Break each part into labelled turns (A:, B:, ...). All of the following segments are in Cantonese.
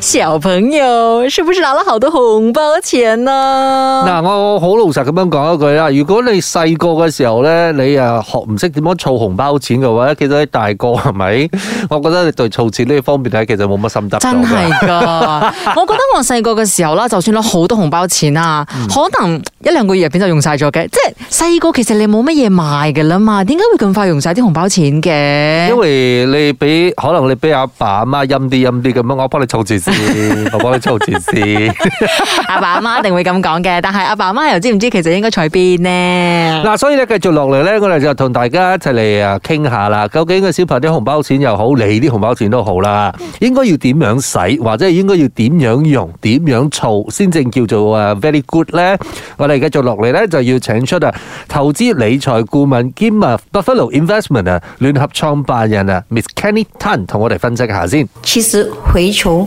A: 小朋友，是不是拿了好多紅包錢呢？嗱，
B: 我好老實咁樣講一句啦，如果你細個嘅時候呢，你啊學唔識點樣儲紅包錢嘅話咧，其實你大個係咪？我覺得你對儲錢呢方面咧，其實冇乜心得嘅。真係噶，
A: 我覺得我細個嘅時候啦， 就算攞好多紅包錢啊、嗯，可能爸爸媽媽一兩個月入邊就用晒咗嘅。即係細個其實你冇乜嘢賣嘅啦嘛，點解會咁快用晒啲紅包錢嘅？因
B: 為你俾可能你俾阿爸阿媽陰啲陰啲咁樣，我幫你儲住。我幫你湊住先，
A: 阿爸阿媽一定會咁講嘅。但係阿爸阿媽又知唔知其實應該在邊呢？
B: 嗱，所以咧繼續落嚟咧，我哋就同大家一齊嚟啊傾下啦。究竟個小朋友啲紅包錢又好，你啲紅包錢都好啦，應該要點樣使，或者係應該要點樣用，點樣湊，先正叫做啊 very good 咧？我哋繼續落嚟咧，就要請出啊投資理財顧問 Gemma Buffalo Investment 啊聯合創辦人啊 Miss Cannie Tan 同我哋分析下先。其實回窮。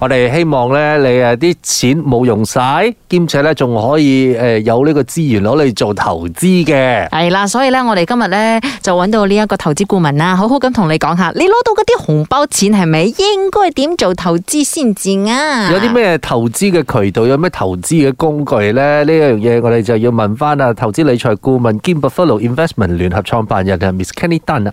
B: 我哋希望咧，你誒啲錢冇用晒，兼且咧仲可以誒有呢個資源攞嚟做投資嘅。係啦，所以咧
A: 我哋今日咧就揾到呢一個投資顧問啦，好好咁同你講下，你攞到嗰啲紅包錢係咪應該點做投資先至啊？有啲
B: 咩投資嘅渠道，有咩投資嘅工具咧？呢樣嘢我哋就要問翻啊！投資理財顧問兼 Portfolio Investment 聯合創辦人 Miss Cannie Tan 啊。